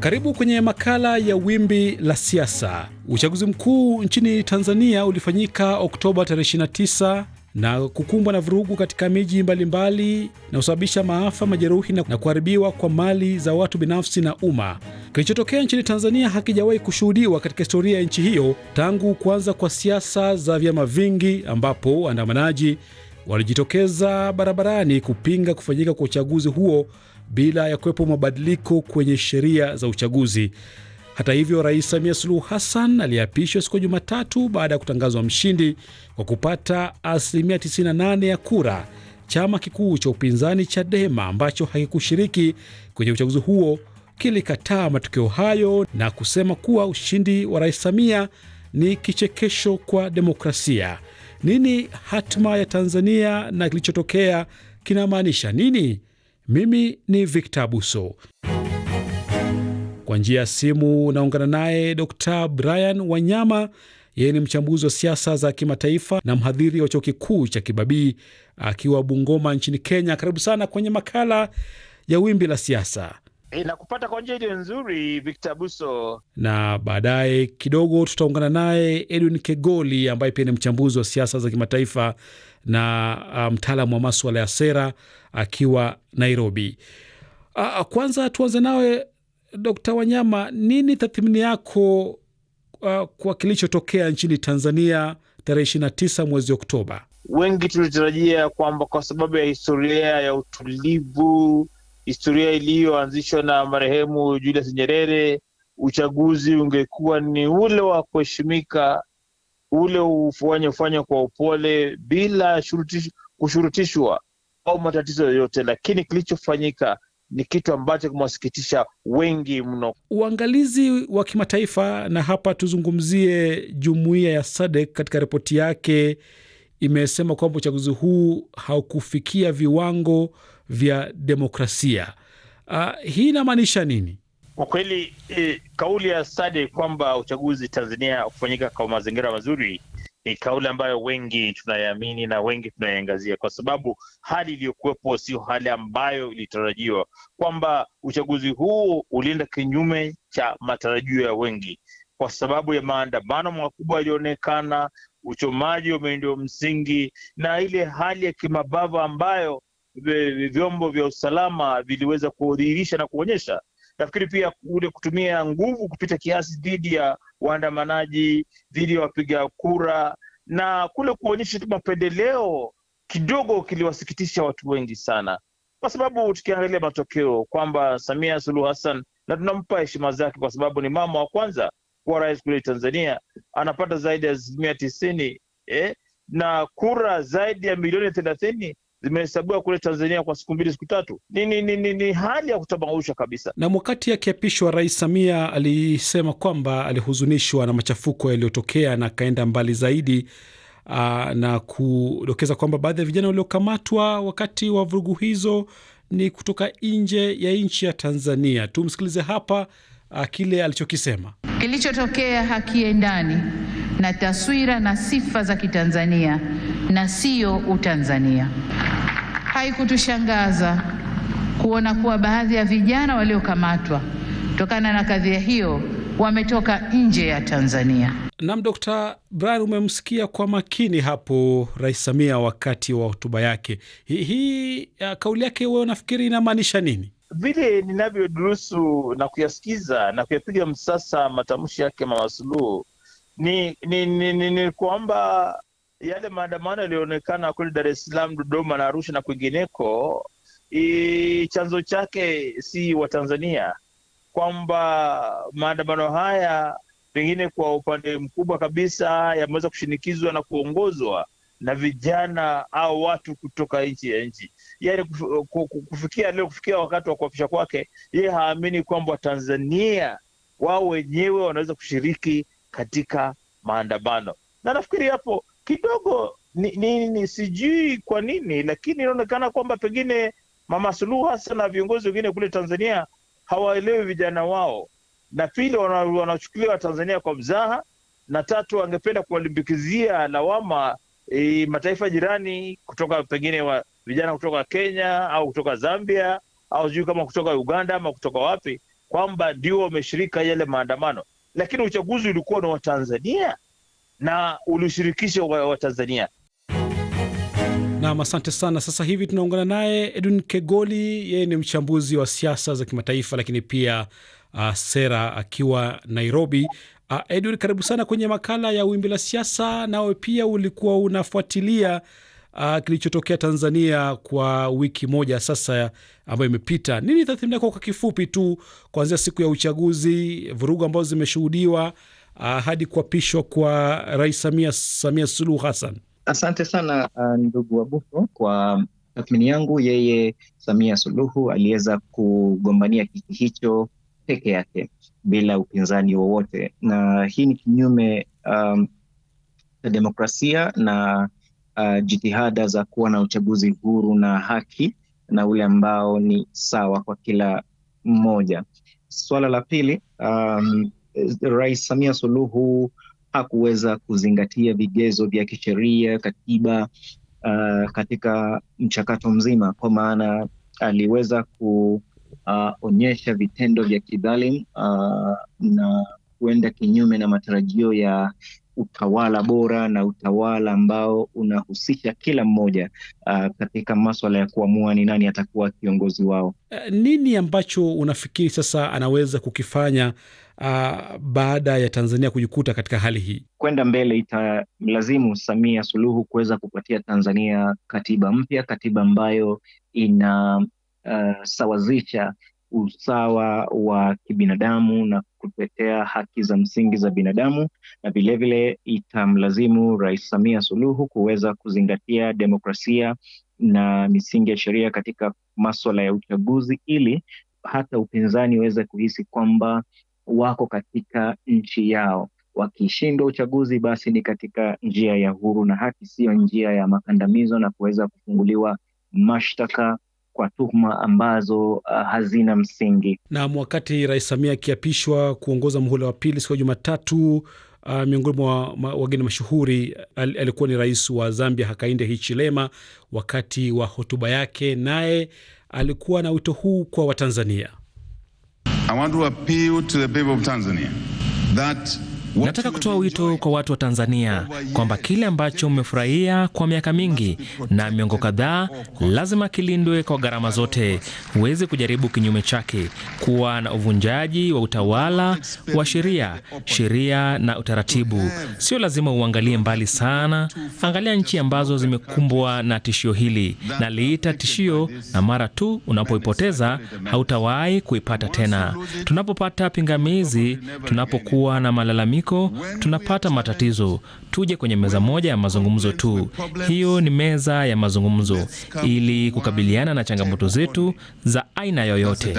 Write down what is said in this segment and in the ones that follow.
Karibu kwenye makala ya wimbi la siasa. Uchaguzi mkuu nchini Tanzania ulifanyika Oktoba 29 na kukumbwa na vurugu katika miji mbalimbali na kusababisha maafa, majeruhi na kuharibiwa kwa mali za watu binafsi na umma. Kilichotokea nchini Tanzania hakijawahi kushuhudiwa katika historia ya nchi hiyo tangu kuanza kwa siasa za vyama vingi, ambapo waandamanaji walijitokeza barabarani kupinga kufanyika kwa uchaguzi huo bila ya kuwepo mabadiliko kwenye sheria za uchaguzi. Hata hivyo, Rais Samia Suluhu Hassan aliyeapishwa siku ya Jumatatu baada ya kutangazwa mshindi kwa kupata asilimia 98 ya kura, chama kikuu cha upinzani Chadema ambacho hakikushiriki kwenye uchaguzi huo kilikataa matokeo hayo na kusema kuwa ushindi wa Rais Samia ni kichekesho kwa demokrasia. Nini hatima ya Tanzania na kilichotokea kinamaanisha nini? Mimi ni Victor Abuso. Kwa njia ya simu naungana naye Dr. Brian Wanyama. Yeye ni mchambuzi wa siasa za kimataifa na mhadhiri wa chuo kikuu cha Kibabii akiwa Bungoma nchini Kenya. Karibu sana kwenye makala ya Wimbi la Siasa inakupata eh, kwa njia iliyo nzuri, Victor Buso. Na baadaye kidogo tutaungana naye Edwin Kegoli ambaye pia ni mchambuzi wa siasa za kimataifa na ah, mtaalamu um, wa maswala ya sera akiwa Nairobi. A, ah, ah, kwanza tuanze nawe Dokta Wanyama, nini tathmini yako uh, kwa kilichotokea nchini Tanzania tarehe ishirini na tisa mwezi Oktoba? Wengi tulitarajia kwamba kwa sababu ya historia ya utulivu historia iliyoanzishwa na marehemu Julius Nyerere, uchaguzi ungekuwa ni ule wa kuheshimika, ule ufanye ufanywa kwa upole bila shurutish, kushurutishwa au matatizo yoyote, lakini kilichofanyika ni kitu ambacho kimewasikitisha wengi mno. Uangalizi wa kimataifa, na hapa tuzungumzie jumuiya ya SADC, katika ripoti yake imesema kwamba uchaguzi huu haukufikia viwango vya demokrasia. Uh, hii inamaanisha nini? Kwa kweli e, kauli ya Sade kwamba uchaguzi Tanzania kufanyika kwa mazingira mazuri ni kauli ambayo wengi tunayamini na wengi tunaiangazia, kwa sababu hali iliyokuwepo sio hali ambayo ilitarajiwa, kwamba uchaguzi huu ulienda kinyume cha matarajio ya wengi kwa sababu ya maandamano makubwa yaliyoonekana, uchomaji wa miundo msingi na ile hali ya kimabavu ambayo vyombo vya usalama viliweza kudhihirisha na kuonyesha. Nafikiri pia kule kutumia nguvu kupita kiasi dhidi ya waandamanaji, dhidi ya wapiga kura na kule kuonyesha tu mapendeleo kidogo kiliwasikitisha watu wengi sana, kwa sababu tukiangalia matokeo kwamba Samia Suluhu Hassan, na tunampa heshima zake kwa sababu ni mama wa kwanza kuwa rais kule Tanzania, anapata zaidi ya asilimia tisini eh, na kura zaidi ya milioni thelathini zimehesabiwa kule Tanzania kwa siku mbili siku tatu. Ni, ni, ni, ni, ni hali ya kutamausha kabisa. Na wakati akiapishwa, Rais Samia alisema kwamba alihuzunishwa na machafuko yaliyotokea na akaenda mbali zaidi aa, na kudokeza kwamba baadhi ya vijana waliokamatwa wakati wa vurugu hizo ni kutoka nje ya nchi ya Tanzania. Tumsikilize hapa Uh, kile alichokisema. Kilichotokea hakiendani na taswira na sifa za Kitanzania na sio Utanzania. Haikutushangaza kuona kuwa baadhi ya vijana waliokamatwa kutokana na kadhia hiyo wametoka nje ya Tanzania. Nam, Dkt. Brian, umemsikia kwa makini hapo Rais Samia wakati wa hotuba yake hii. Hi, uh, kauli yake wewe unafikiri inamaanisha nini? vile ninavyodurusu na kuyasikiza na kuyapiga msasa matamshi yake Mama Suluhu ni, ni, ni, ni, ni kwamba yale maandamano yaliyoonekana kule Dar es Salaam, Dodoma na Arusha na kwingineko, chanzo chake si Watanzania, kwamba maandamano haya pengine kwa upande mkubwa kabisa yameweza kushinikizwa na kuongozwa na vijana au watu kutoka nchi ya nchi. Yani kufikia leo, kufikia wakati wa kuapisha kwake, yeye haamini kwamba tanzania wao wenyewe wanaweza kushiriki katika maandamano, na nafikiri hapo kidogo ni, ni, ni sijui kwa nini, lakini inaonekana kwamba pengine Mama Suluhu Hassan na viongozi wengine kule Tanzania hawaelewi vijana wao, na pili, wanachukulia Watanzania kwa mzaha, na tatu, wangependa kuwalimbikizia lawama e, mataifa jirani kutoka pengine wa vijana kutoka Kenya au kutoka Zambia au sijui kama kutoka Uganda ama kutoka wapi, kwamba ndio wameshirika yale maandamano, lakini uchaguzi ulikuwa na Watanzania na ulishirikisha Watanzania nam. Asante sana. Sasa hivi tunaungana naye Edwin Kegoli, yeye ni mchambuzi wa siasa za kimataifa, lakini pia uh, sera akiwa Nairobi. Uh, ah, Edward karibu sana kwenye makala ya wimbi la siasa. Nawe pia ulikuwa unafuatilia uh, kilichotokea Tanzania kwa wiki moja sasa ambayo imepita. Nini tathmini yako kwa kifupi tu, kuanzia siku ya uchaguzi, vurugu ambazo zimeshuhudiwa uh, hadi kuapishwa kwa Rais Samia, Samia Suluhu Hassan? Asante sana uh, ndugu Wabuko. Kwa tathmini yangu, yeye Samia Suluhu aliweza kugombania kiti hicho peke yake bila upinzani wowote, na hii ni kinyume um, demokrasia na uh, jitihada za kuwa na uchaguzi huru na haki na ule ambao ni sawa kwa kila mmoja. Suala la pili, um, Rais Samia Suluhu hakuweza kuzingatia vigezo vya kisheria, katiba uh, katika mchakato mzima, kwa maana aliweza ku uh, onyesha vitendo vya kidhalim uh, ah, na kuenda kinyume na matarajio ya utawala bora na utawala ambao unahusisha kila mmoja uh, katika maswala ya kuamua ni nani atakuwa kiongozi wao. Eh, nini ambacho unafikiri sasa anaweza kukifanya uh, baada ya Tanzania kujikuta katika hali hii? Kwenda mbele italazimu Samia Suluhu kuweza kupatia Tanzania katiba mpya, katiba ambayo ina kusawazisha eh, usawa wa kibinadamu na kutetea haki za msingi za binadamu, na vilevile itamlazimu Rais Samia Suluhu kuweza kuzingatia demokrasia na misingi ya sheria katika maswala ya uchaguzi, ili hata upinzani uweze kuhisi kwamba wako katika nchi yao. Wakishindwa uchaguzi, basi ni katika njia ya huru na haki, siyo njia ya makandamizo na kuweza kufunguliwa mashtaka kwa tuhuma ambazo uh, hazina msingi. Naam, wakati Rais Samia akiapishwa kuongoza muhula wa pili siku ya Jumatatu, uh, miongoni mwa ma, wageni mashuhuri al, alikuwa ni rais wa Zambia Hakainde Hichilema. Wakati wa hotuba yake, naye alikuwa na wito huu kwa Watanzania. I want to appeal to the people of Tanzania that Nataka kutoa wito kwa watu wa Tanzania kwamba kile ambacho mmefurahia kwa miaka mingi na miongo kadhaa lazima kilindwe kwa gharama zote. Huwezi kujaribu kinyume chake, kuwa na uvunjaji wa utawala wa sheria, sheria na utaratibu. Sio lazima uangalie mbali sana, angalia nchi ambazo zimekumbwa na tishio hili. Naliita tishio, na mara tu unapoipoteza hautawahi kuipata tena. Tunapopata pingamizi, tunapokuwa na malalamiko mgawanyiko, tunapata matatizo, tuje kwenye meza moja ya mazungumzo tu. Hiyo ni meza ya mazungumzo, ili kukabiliana na changamoto zetu za aina yoyote.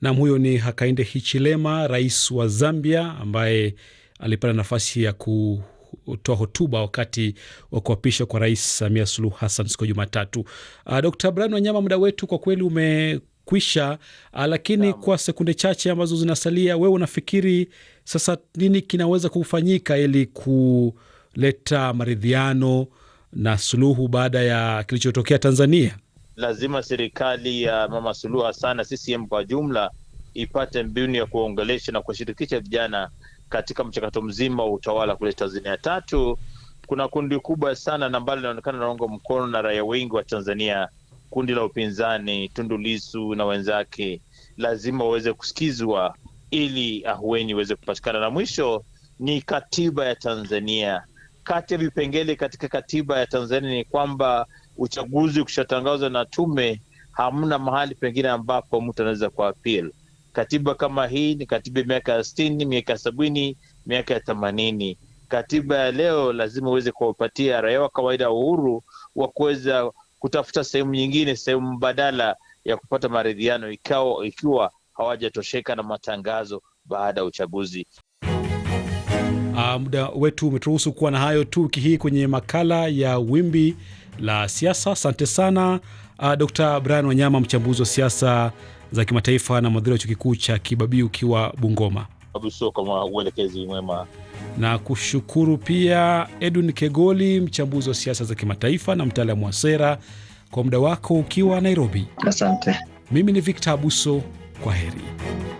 Nam, huyo ni Hakainde Hichilema, rais wa Zambia, ambaye alipata nafasi ya kutoa hotuba wakati wa kuapishwa kwa Rais Samia Suluhu Hassan siku ya Jumatatu. Uh, ah, Dr Brian Wanyama, muda wetu kwa kweli ume kwisha, ah, lakini Damn. kwa sekunde chache ambazo zinasalia, wewe unafikiri sasa nini kinaweza kufanyika ili kuleta maridhiano na suluhu baada ya kilichotokea Tanzania? Lazima serikali ya Mama Suluhu Hassan na CCM kwa jumla ipate mbinu ya kuongelesha na kuwashirikisha vijana katika mchakato mzima wa utawala kule Tanzania. Tatu, kuna kundi kubwa sana na ambalo linaonekana linaunga mkono na raia wengi wa Tanzania kundi la upinzani Tundu Lissu na wenzake lazima waweze kusikizwa ili ahueni iweze kupatikana. Na mwisho ni katiba ya Tanzania. Kati ya vipengele katika katiba ya Tanzania ni kwamba uchaguzi ukishatangazwa na tume, hamna mahali pengine ambapo mtu anaweza kuapil. Katiba kama hii ni katiba ya miaka ya sitini, miaka ya sabini, miaka ya themanini. Katiba ya leo lazima uweze kuwapatia raia wa kawaida uhuru wa kuweza kutafuta sehemu nyingine, sehemu mbadala ya kupata maridhiano, ikawa ikiwa hawajatosheka na matangazo baada ya uchaguzi. Uh, muda wetu umeturuhusu kuwa na hayo tu wiki hii kwenye makala ya Wimbi la Siasa. Asante sana uh, ah, Dr. Brian Wanyama, mchambuzi wa siasa za kimataifa na mwadhiri wa chuo kikuu cha Kibabii ukiwa Bungoma. Abdusoko, uelekezi mwema na kushukuru pia Edwin Kegoli, mchambuzi wa siasa za kimataifa na mtaalamu wa sera, kwa muda wako ukiwa Nairobi. Asante. Mimi ni Victor Abuso, kwa heri.